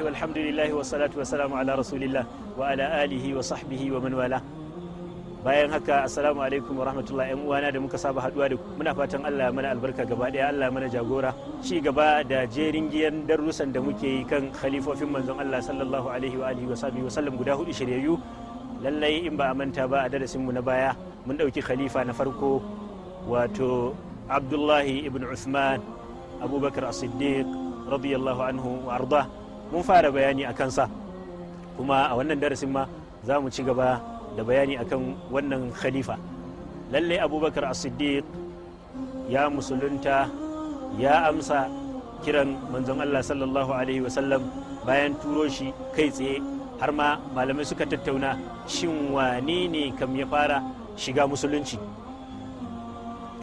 bismillahi walhamdulillahi wassalatu wassalamu ala rasulillah wa ala alihi wa sahbihi wa man bayan haka assalamu alaikum wa rahmatullah yan uwana da muka saba haduwa da muna fatan Allah mana albarka gaba daya Allah mana jagora ci gaba da jerin giyan darussan da muke yi kan khalifofin manzon Allah sallallahu alaihi wa alihi wa sahbihi wa sallam guda hudu shiryayyu lallai in ba a manta ba a darasin mu na baya mun dauki khalifa na farko wato Abdullahi ibn Uthman Abubakar as-Siddiq radiyallahu anhu wa arda mun fara bayani a kansa kuma a wannan darasin ma za mu ci gaba da bayani a kan wannan khalifa lallai abubakar as-siddiq ya musulunta ya amsa kiran manzon allah sallallahu alaihi wasallam bayan turo shi kai tsaye har ma malamai suka tattauna shin wane ne kam ya fara shiga musulunci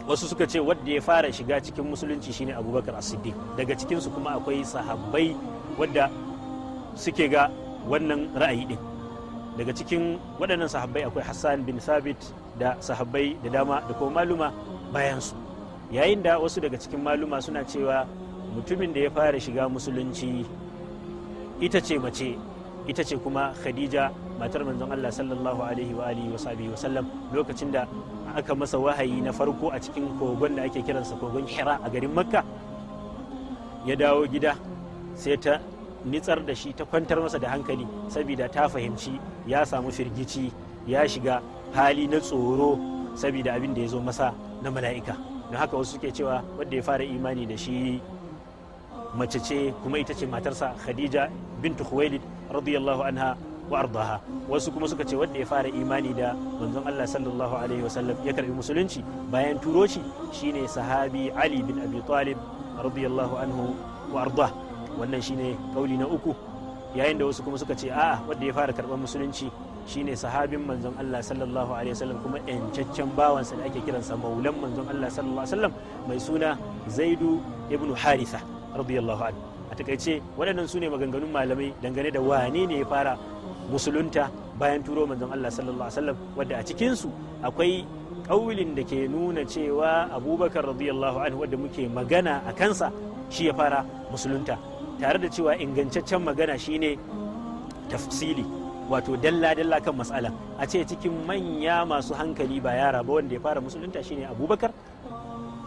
wasu suka ce wadda ya fara shiga cikin musulunci shine abubakar as daga cikinsu kuma akwai sahabbai wadda suke ga wannan ra'ayi din daga cikin waɗannan sahabbai akwai hassan bin sabit da sahabbai da dama da kuma maluma bayansu yayin da wasu daga cikin maluma suna cewa mutumin da ya fara shiga musulunci ita ce mace ita ce kuma khadija matar manzon allah sallallahu alaihi wa alihi wa sahbihi wasallam lokacin da aka masa wahayi na farko a cikin kogon da ake kiransa kogon hira a garin makka ya dawo gida sai ta nitsar da shi ta kwantar masa da hankali saboda ta fahimci ya samu firgici ya shiga hali na tsoro saboda abin da ya zo masa na mala'ika don haka wasu suke cewa wanda ya fara imani da shi mace ce kuma ita ce matarsa khadija bintu khuwailid radiyallahu anha wa ardaha wasu kuma suka ce wanda ya fara imani da manzon Allah sallallahu alaihi wasallam ya karbi musulunci bayan turo shi shine sahabi Ali bin Abi Talib radiyallahu anhu wa ardah wannan shine kauli na uku yayin da wasu kuma suka ce a'a wanda ya fara karban musulunci shine sahabin manzon Allah sallallahu alaihi wasallam kuma yancaccen bawansa da ake kiran kiransa maulan manzon Allah sallallahu alaihi wasallam mai suna Zaidu ibn Haritha radiyallahu anhu takaice waɗannan su ne maganganun malamai dangane da wane ne ya fara musulunta bayan turo manzon Allah sallallahu alaihi wasallam wadda a cikinsu akwai kaulin da ke nuna cewa Abubakar radiyallahu anhu wadda muke magana a kansa shi ya fara musulunta tare da cewa ingantaccen magana shine tafsili wato dalla-dalla kan matsala a ce cikin manya masu hankali ba yara ba wanda ya fara musulunta shine abubakar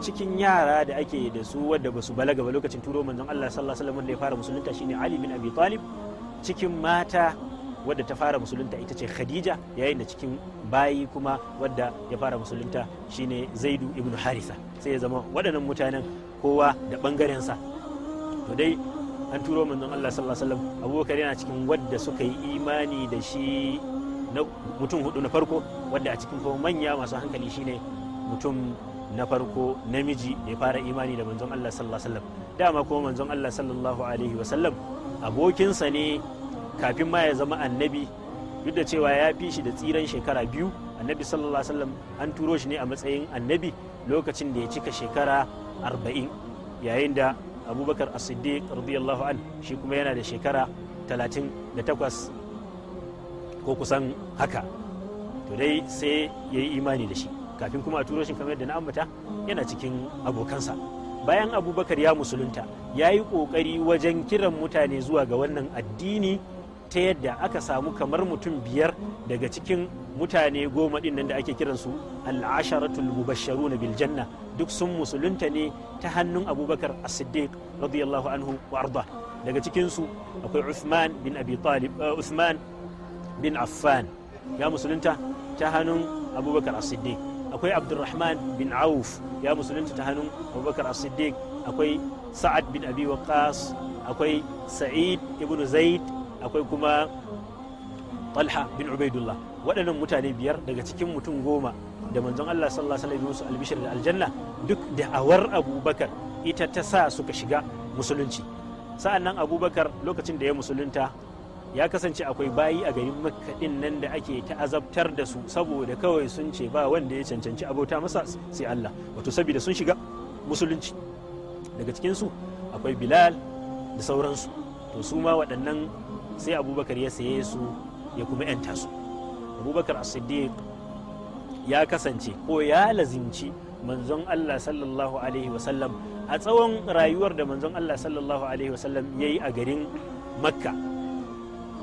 cikin yara da ake da su wadda ba su balaga ba lokacin turo manzon Allah sallallahu alaihi wasallam da ya fara musulunta shine Ali bin Abi Talib cikin mata wadda ta fara musulunta ita ce Khadija yayin da cikin bayi kuma wadda ya fara musulunta shine Zaidu ibn Harisa sai ya zama waɗannan mutanen kowa da bangaren sa to dai an turo manzon Allah sallallahu alaihi wasallam Abubakar yana cikin wadda suka yi imani da shi na mutum hudu na farko wadda a cikin kuma manya masu hankali shine mutum na farko namiji ya fara imani da manzon Allah sallallahu alaihi wasallam dama kuma manzon Allah sallallahu alaihi wasallam abokinsa ne kafin ma ya zama annabi duk da cewa ya fi shi da tsiran shekara biyu annabi sallallahu alaihi wasallam an turo shi ne a matsayin annabi lokacin da ya cika shekara arba'in yayin da abubakar as-siddiq radiyallahu an shi kuma yana da shekara talatin da takwas ko kusan haka to dai sai ya yi imani da shi kafin kuma a turo shi kamar yadda na ambata yana cikin abokansa bayan abubakar ya musulunta ya yi ƙoƙari wajen kiran mutane zuwa ga wannan addini ta yadda aka samu kamar mutum biyar daga cikin mutane goma ɗin nan da ake kiransu al'asharatul mubasharu na biljanna duk sun musulunta ne ta hannun abubakar as-siddiq radiyallahu anhu wa arda daga cikinsu akwai uthman bin abi talib eh, uthman bin affan ya musulunta ta hannun abubakar as-siddiq akwai abdurrahman bin auf ya musulunta ta hannun abubakar as-siddiq akwai sa'ad bin abi waqas akwai sa'id ibn zaid akwai kuma talha bin ubaidullah waɗannan mutane biyar daga cikin mutum goma da manzon allah sallallahu alaihi wasallam albishir da aljanna duk da awar abubakar ita ta sa suka shiga musulunci sa'annan abubakar lokacin da ya musulunta ya kasance akwai bayi a garin makaɗin nan da ake ta'azabtar da su saboda kawai sun ce ba wanda ya cancanci abota masa sai Allah wato saboda sun shiga musulunci daga cikinsu akwai bilal da sauransu to su ma waɗannan sai abubakar ya saye su ya kuma yanta su abubakar as-siddiq ya kasance ko ya lazimci manzon Allah sallallahu alaihi wasallam a tsawon rayuwar da manzon Allah sallallahu alaihi wasallam ya yi a garin makka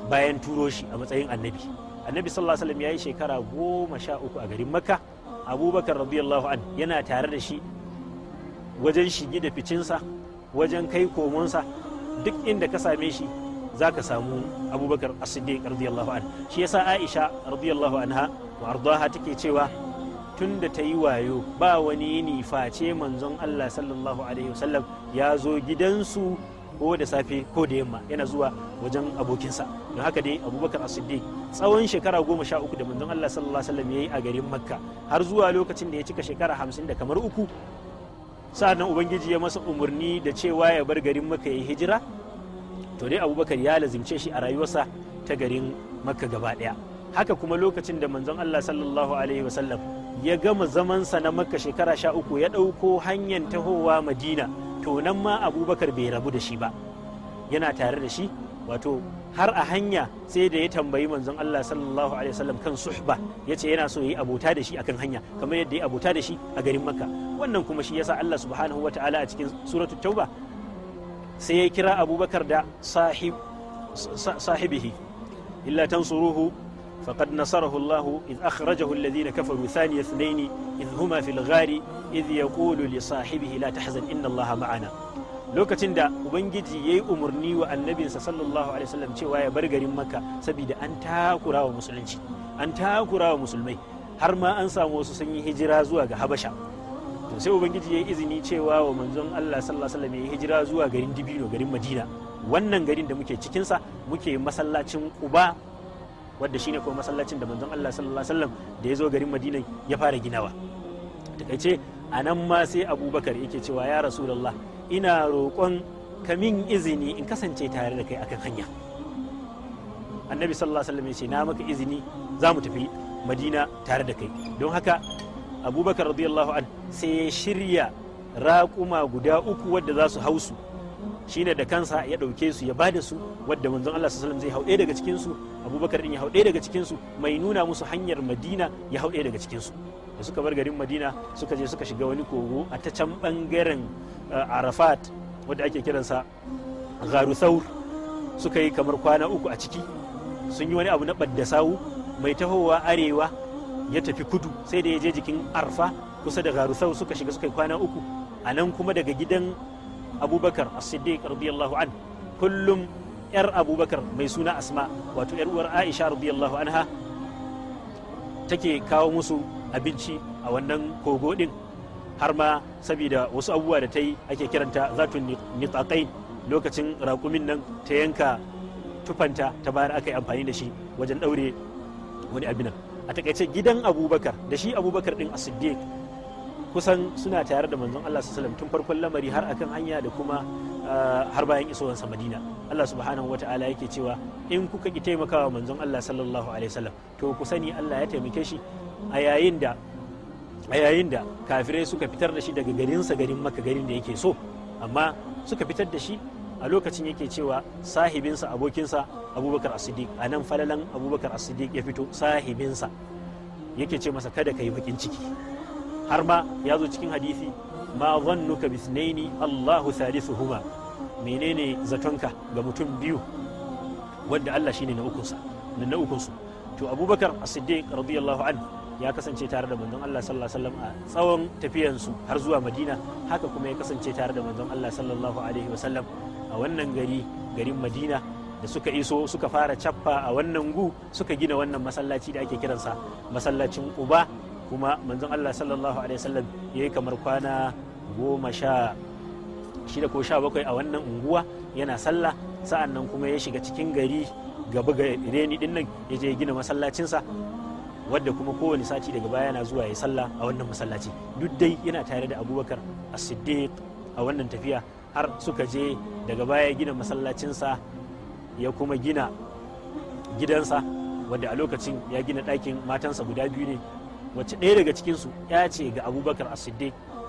bayan turo shi a matsayin annabi annabi sallallahu alaihi ya yi shekara goma sha uku a garin makka abubakar radiyallahu an yana tare da shi wajen shige da ficinsa wajen kai komonsa duk inda ka same shi za ka samu abubakar as radiyallahu an shi yasa aisha radiyallahu anha wa ardaha take cewa tun da ta yi wayo ba wani ni face manzon allah sallallahu alaihi wasallam ya zo gidansu ko da safe ko da yamma yana zuwa wajen abokinsa don haka dai abubakar as-siddiq tsawon shekara goma sha uku da manzon allah sallallahu alaihi wasallam ya yi a garin makka har zuwa lokacin da ya cika shekara hamsin da kamar uku sa'an ubangiji ya masa umarni da cewa ya bar garin makka ya yi hijira to dai abubakar ya lazimce shi a rayuwarsa ta garin makka gaba daya haka kuma lokacin da manzon allah sallallahu alaihi wasallam ya gama zamansa na makka shekara sha uku ya ɗauko hanyar tahowa madina to nan ma abubakar bai rabu da shi ba yana tare da shi wato har a hanya sai da ya tambayi manzon Allah sallallahu alaihi wasallam kan suhba yace yana so ya yi abota da shi akan hanya kamar yadda ya abota da shi a garin Makka wannan kuma shi yasa Allah subhanahu wataala a cikin suratu Tauba sai ya kira Abubakar da sahib sahibihi illa tansuruhu فقد نصره الله إذ أخرجه الذين كفروا ثاني اثنين إذ هما في الغار إذ يقول لصاحبه لا تحزن إن الله معنا lokacin da ubangiji ya yi umarni wa annabinsa sallallahu alaihi wasallam cewa ya bar garin makka saboda an takura wa musulunci an takura wa musulmai har ma an samu wasu sun hijira zuwa ga habasha to sai ubangiji ya yi izini cewa wa manzon allah sallallahu alaihi wasallam ya yi hijira zuwa garin dibino garin madina wannan garin da muke cikinsa muke masallacin uba wadda shine kuma masallacin da manzon Allah sallallahu alaihi wasallam da ya zo garin Madina ya fara ginawa takaice a nan ma sai Abubakar yake cewa ya Rasulullah ina roƙon kamin izini in kasance tare da kai akan hanya annabi sallallahu alaihi wasallam ya ce na maka izini za mu tafi madina tare da kai don haka abubakar radiyallahu an sai ya shirya raƙuma guda uku wadda za su hausu shine da kansa ya dauke su ya bada su wadda manzon Allah sallallahu alaihi wasallam zai hau daga cikin su Abubakar din ya hauɗe daga cikin su mai nuna musu hanyar Madina ya hauɗe daga cikin su da suka bar garin Madina suka je suka shiga wani kogo a ta can bangaren eh, Arafat wanda ake kiransa Gharu Thawr suka yi kamar kwana uku a ciki sun yi wani abu na badda sawu mai tahowa arewa ya tafi kudu sai da ya je jikin Arfa kusa da Gharu suka shiga suka yi kwana uku a nan kuma daga gidan abubakar as-siddiq radiyallahu an kullum yar abubakar mai suna asma wato yar uwar aisha radiyallahu anha take kawo musu abinci a wannan kogo din har ma saboda wasu abubuwa da ta yi ake kiranta zatun nitsakai lokacin raƙumin nan ta yanka tufanta ta bayar aka yi amfani da shi wajen ɗaure wani abinan a takaice gidan abubakar da shi abubakar din as-siddiq kusan suna tare da manzon Allah sallallahu alaihi tun farkon lamari har akan hanya da kuma ah, har bayan isowansa Madina Allah subhanahu wata'ala yake cewa in kuka ki taimakawa manzon Allah sallallahu alaihi wasallam to ku sani Allah ya taimake shi a yayin da a yayin da kafirai suka fitar da shi daga sa garin maka garin da yake so amma suka fitar da shi a lokacin yake cewa sahibinsa abokinsa abubakar as a nan falalan abubakar as ya fito sahibinsa yake ce masa kada ka yi bakin ciki har ma ya zo cikin hadisi ma zannuka bisnaini Allahu mene menene zatonka ga mutum biyu wanda Allah shine na ukunsa na ukunsu to Abubakar As-Siddiq radiyallahu anhu ya kasance tare da manzon Allah sallallahu alaihi wasallam a tsawon tafiyansu har zuwa Madina haka kuma ya kasance tare da manzon Allah sallallahu alaihi wasallam a wannan gari garin Madina da suka iso suka fara cappa a wannan gu suka gina wannan masallaci da ake kiransa masallacin uba. kuma manzon Allah sallallahu alaihi wasallam ya yi kamar kwana goma sha shida ko sha bakwai a wannan unguwa yana sallah sa'an nan kuma ya shiga cikin gari gaba ga reni din nan ya je gina masallacinsa wadda kuma kowane sati daga baya yana zuwa ya sallah a wannan masallaci duk dai yana tare da abubakar as-siddiq a wannan tafiya har suka je daga baya gina masallacinsa ya kuma gina gidansa wadda a lokacin ya gina ɗakin matansa guda biyu ne wacce ɗaya daga cikinsu ya ce ga abubakar as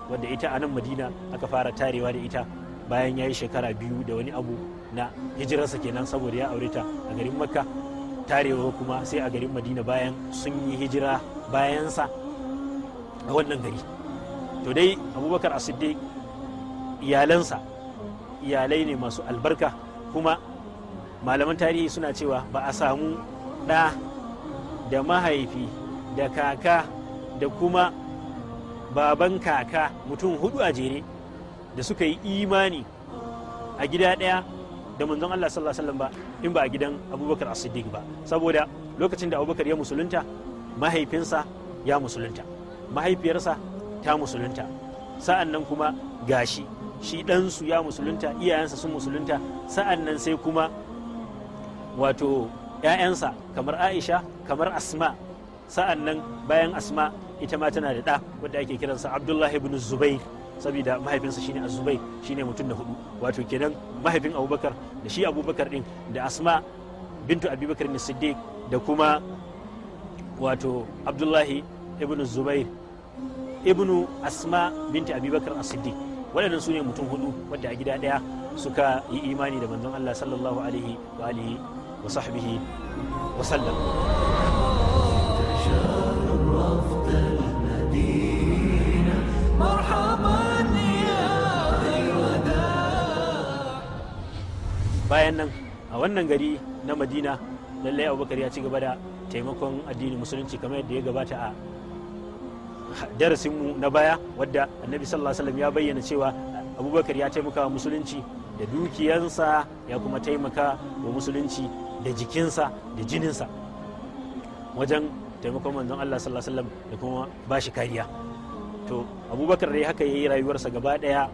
wadda ita a nan madina aka fara tarewa da ita bayan ya yi shekara biyu da wani abu na hijirarsa kenan saboda ya aure ta a garin makka tarewa kuma sai a garin madina bayan sun yi hijira bayansa a wannan gari to dai abubakar as iyalansa iyalai ne masu albarka kuma malaman tarihi suna cewa ba a samu ɗa da mahaifi da kaka da kuma baban kaka mutum hudu a jere da suka yi imani a gida ɗaya da manzon Allah sallallahu alaihi wasallam ba in ba a gidan Abubakar As-Siddiq ba saboda lokacin da Abubakar ya musulunta mahaifinsa ya musulunta mahaifiyarsa ta musulunta sa'an nan kuma gashi shi ɗansu ya musulunta iyayensa sun musulunta sa'an nan sai kuma wato ‘ya'yansa kamar aisha kamar asma sa'an nan bayan asma ita ma tana da ɗa wadda ake kiransa abdullahi ibn zubair saboda mahaifinsa shine azubai shine mutum na hudu wato kenan mahaifin abubakar da shi abubakar din da asma bintu abubakar ne siddiq da kuma wato abdullahi ibn zubair ibnu asma bintu abubakar as-siddiq waɗannan su ne mutum hudu wadda a gida ɗaya suka yi imani da manzon allah sallallahu alaihi wa alihi wa sahbihi wa sallam bayan nan a wannan gari na madina lallai abubakar ya ci gaba da taimakon addinin musulunci kamar yadda ya gabata a darasinmu na baya wadda annabi sallallahu alaihi wasallam ya bayyana cewa abubakar ya taimaka wa musulunci da dukiyansa ya kuma taimaka wa musulunci da jikinsa da jininsa wajen taimakon manzon allah sallallahu alaihi wasallam da kuma bashi kariya to abubakar dai haka ya yi rayuwarsa gaba daya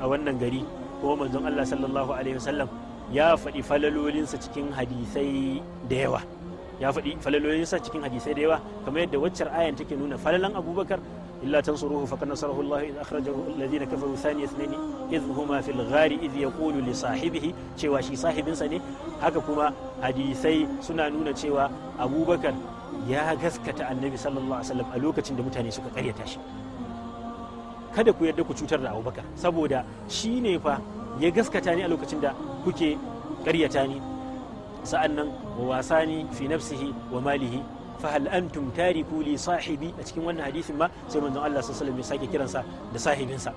a wannan gari ko manzon Allah sallallahu alaihi wasallam ya faɗi falalolinsa cikin hadisai da yawa ya faɗi falalolinsa cikin hadisai da yawa kamar yadda waccar ayan take nuna falalan abubakar إلا تنصروه فقد Allah الله إذ أخرجه الذين كفروا ثاني اثنين إذ هما في الغار إذ يقول لصاحبه cewa shi sahibinsa ne haka kuma hadisai suna nuna cewa abubakar ya gaskata annabi sallallahu alaihi wasallam a lokacin da mutane suka karyata shi kada ku yarda ku cutar da abubakar saboda shi ne fa ya gaskata ni a lokacin da kuke karyata ni sa'an nan wa wasa ni fi nafsihi wa malihi fa hal antum tariku li sahibi a cikin wannan hadisin ma sai manzon Allah sallallahu alaihi wasallam ya sake kiransa da sahibinsa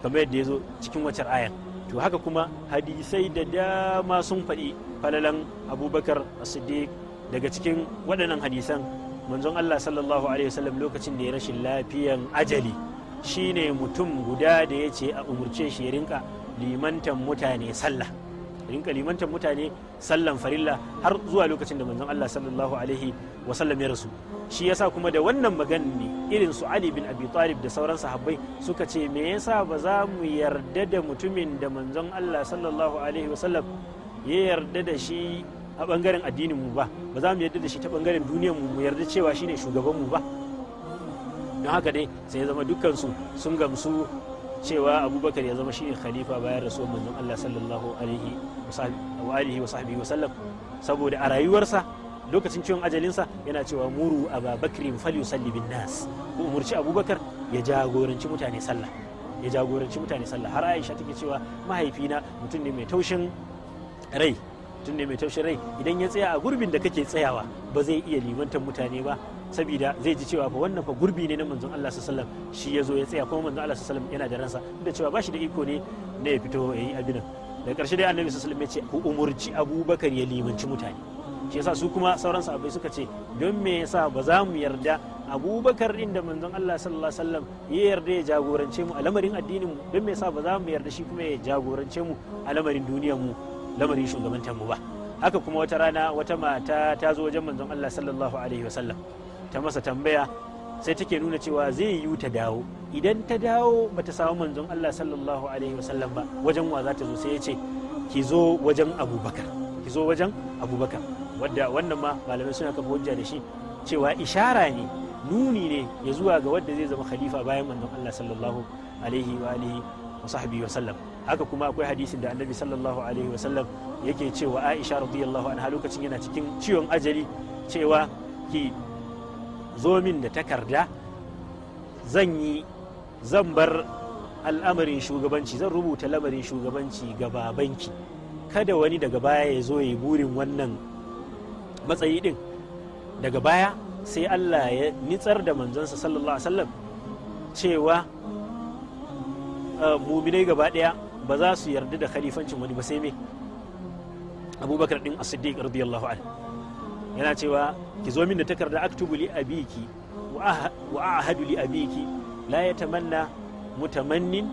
kamar yadda ya zo cikin wacar ayan to haka kuma hadisai da dama sun faɗi falalan abubakar siddiq daga cikin waɗannan hadisan manzon Allah sallallahu alaihi wasallam lokacin da ya rashin lafiyan ajali shine mutum guda da ya ce a umarce shi ya rinka limantan mutane sallah rinka limantan mutane sallan farilla har zuwa lokacin da manzon Allah sallallahu alaihi wa sallam ya rasu shi yasa kuma da wannan magana ne irin su Ali bin Abi Talib da sauran sahabbai suka ce me yasa ba za mu yarda da mutumin da manzon Allah sallallahu alaihi wa sallam ya yarda da shi a bangaren addinin mu ba ba za mu yarda da shi ta bangaren duniyar mu mu yarda cewa shine shugaban mu ba don haka dai sai ya zama dukkansu sun gamsu cewa abubakar ya zama shine khalifa bayan rasu manzon Allah sallallahu alaihi wa alihi wa sahbihi wa sallam saboda a rayuwarsa lokacin ciwon ajalinsa yana cewa muru ababakrin salli bin nas ku umurci abubakar ya jagoranci mutane sallah ya jagoranci mutane sallah har aisha take cewa mahaifina mutum ne mai taushin rai mutum ne mai taushin rai idan ya tsaya a gurbin da kake tsayawa ba zai iya limantar mutane ba saboda zai ji cewa fa wannan fa gurbi ne na manzon Allah sallallahu alaihi wasallam shi yazo ya tsaya kuma manzon Allah sallallahu alaihi wasallam yana da ransa da cewa bashi da iko ne na ya fito yayi abinan da karshe dai annabi sallallahu alaihi wasallam ya ce ku umurci Abubakar ya limanci mutane shi yasa su kuma sauran sahabbai suka ce don me yasa ba za mu yarda abubakar din da manzon Allah sallallahu alaihi wasallam ya yarda ya jagorance mu a lamarin addinin mu don me yasa ba za mu yarda shi kuma ya jagorance mu a lamarin duniyar mu lamarin shugabantar mu ba haka kuma wata rana wata mata ta zo wajen manzon Allah sallallahu alaihi wasallam ta masa tambaya sai take nuna cewa zai yiwu ta dawo idan ta dawo ba ta samu manzon Allah sallallahu alaihi wasallam ba wajen wa za ta zo sai ya ce ki zo wajen abubakar ki zo wajen abubakar wadda wannan ma malamai suna kafa hujja da shi cewa ishara ne nuni ne ya zuwa ga wadda zai zama khalifa bayan manzon Allah sallallahu alaihi wa alihi wa sahbihi wa sallam haka kuma akwai hadisin da annabi sallallahu alaihi wa sallam yake cewa Aisha radiyallahu anha lokacin yana cikin ciwon ajali cewa ki zomin da takarda zan yi zan bar al'amarin shugabanci zan rubuta lamarin shugabanci ga banki kada wani daga baya ya zo ya burin wannan matsayi din daga baya sai Allah ya nitsar da manzansa sallallahu alaihi wasallam cewa ah, muminai gaba daya ba za su yarda da khalifancin wani ba sai me abubakar din as-siddiq radiyallahu anhu yana cewa ki zo min da takarda aktubu li abiki wa ahadu li abiki la yatamanna mutamannin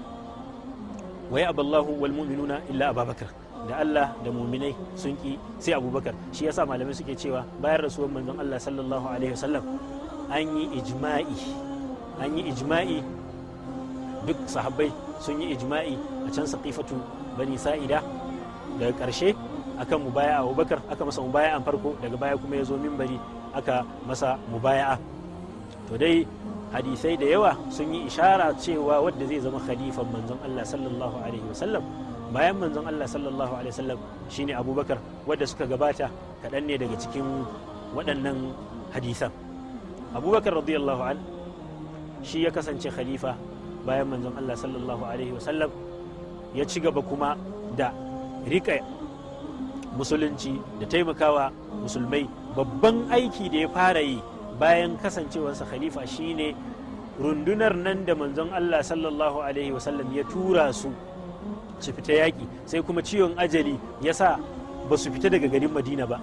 wa ya aballahu wal mu'minuna illa ababakar da Allah da muminai sun ki sai abubakar shi yasa malamai suke cewa bayan rasuwar manzon Allah sallallahu alaihi wasallam an yi ijma'i an yi ijma'i duk sahabbai sun yi ijma'i a can saqifatu bani sa'ida daga karshe akan mubaya'a Abubakar aka masa mubaya'a farko daga baya kuma ya zo mimbari aka masa mubaya'a to dai hadisai da yawa sun yi ishara cewa wadda zai zama khalifan manzon Allah sallallahu alaihi wasallam bayan manzon Allah sallallahu alaihi wasallam shine Abubakar wadda suka gabata kaɗan ne daga cikin waɗannan hadisan Abubakar radiyallahu an shi ya kasance khalifa bayan manzon Allah sallallahu alaihi wasallam ya ci gaba kuma da riƙe musulunci da taimakawa musulmai babban aiki da ya fara yi bayan kasancewarsa khalifa shine rundunar nan da manzon Allah sallallahu alaihi wasallam ya tura su su fita yaƙi sai kuma ciwon ajali ya sa ba su fita daga garin madina ba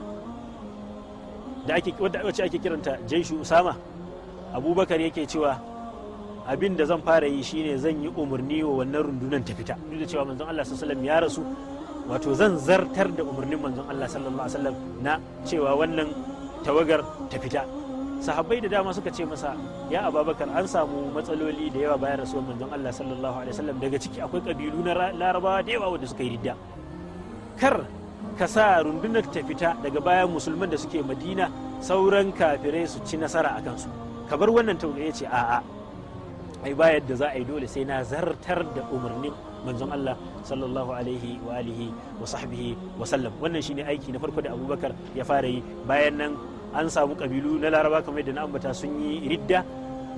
da ake wacce ake kiranta jaishu usama abubakar yake cewa abin da zan fara yi shine zan yi umarni wa wannan rundunar ta fita duk da cewa manzon Allah sallallahu alaihi wasallam ya rasu wato zan zartar da umarnin manzon Allah sallallahu alaihi wasallam na cewa wannan tawagar ta fita sahabbai da dama suka ce masa ya ababakar an samu matsaloli da yawa bayan rasuwar manzon Allah sallallahu alaihi wasallam daga ciki akwai kabilu na larabawa da yawa wanda suka yi ridda kar ka sa rundunar ta fita daga bayan musulman da suke madina sauran kafirai su ci nasara a kansu ka bar wannan tawagar ya ce a'a ai bayar da za a yi dole sai na zartar da umarnin manzon Allah sallallahu alaihi wa alihi wa sahbihi wa sallam wannan shine aiki na farko da Abubakar ya fara yi bayan nan an samu kabilu na Laraba kamar da na ambata sun yi ridda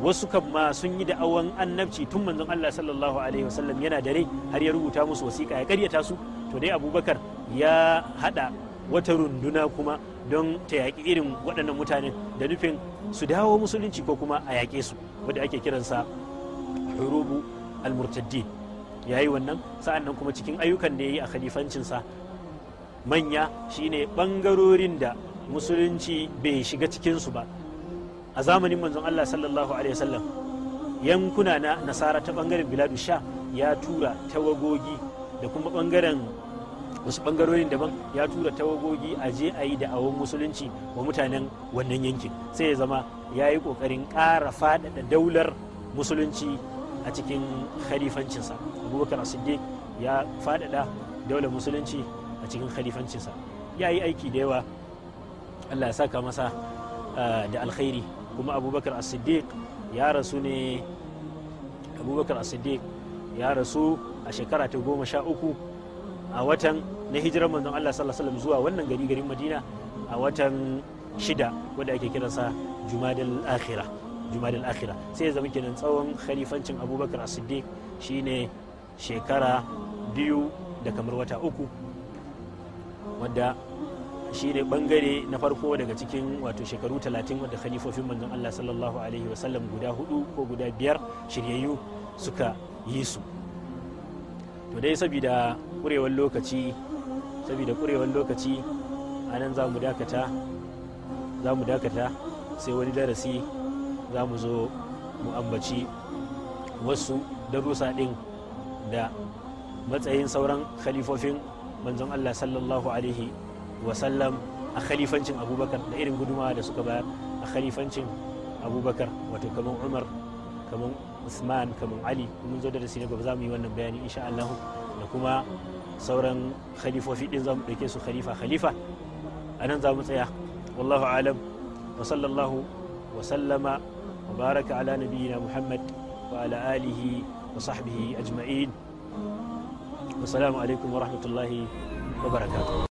wasu kan ma sun yi da'awan annabci tun manzon Allah sallallahu alaihi sallam yana dare har ya rubuta musu wasiƙa ya karyata su to dai Abubakar ya hada wata runduna kuma don ta yaƙi irin waɗannan mutane da nufin su dawo musulunci ko kuma a yaƙe su wanda ake kiransa hurubu al-murtaddin ya yi wannan sa'an nan kuma cikin ayyukan da ya yi a khalifancinsa manya shine ɓangarorin da musulunci bai shiga cikinsu ba a zamanin manzon Allah sallallahu alaihi wasallam yankuna na nasara ta ɓangaren biladu sha ya tura tawagogi da kuma ɓangaren wasu ɓangarorin daban ya tura tawagogi a je a yi da'awon musulunci wa mutanen wannan yankin sai ya zama ya yi ƙoƙarin ƙara faɗaɗa daular musulunci a cikin khalifancinsa. abubakar siddiq ya faɗaɗa daular musulunci a cikin khalifancinsa ya yi aiki da yawa allah ya saka masa ah, da alkhairi kuma abubakar siddiq ya rasu ne abubakar siddiq ya rasu a shekara ta goma sha uku a watan na hijirar manzon allah sallallahu zuwa wannan gari garin madina a watan shida wanda ake kiransa sa akhira jumadal akhira sai ya zama kenan tsawon khalifancin abubakar siddiq shine shekara biyu da kamar wata uku wadda shi ne bangare na farko daga cikin wato shekaru talatin wadda khalifofin manzon Allah sallallahu alaihi wasallam guda hudu ko guda biyar shiryayyu suka yi su to dai saboda kurewar lokaci saboda kurewar lokaci a nan za dakata za dakata sai wani darasi zamu zo mu ambaci wasu darussa din. da matsayin sauran khalifofin manzon Allah sallallahu alaihi sallam a khalifancin abubakar da irin gudumawa da suka bayar a khalifancin abubakar wato kamar umar kamar usman kamar ali mun zo da da gaba za mu yi wannan bayani insha Allah da kuma sauran khalifofi din za mu ɗauke su khalifa khalifa a nan za mu tsaya wallahu alam wa sallallahu wa sallama wa baraka ala nabiyina muhammad wa ala alihi وصحبه أجمعين والسلام عليكم ورحمة الله وبركاته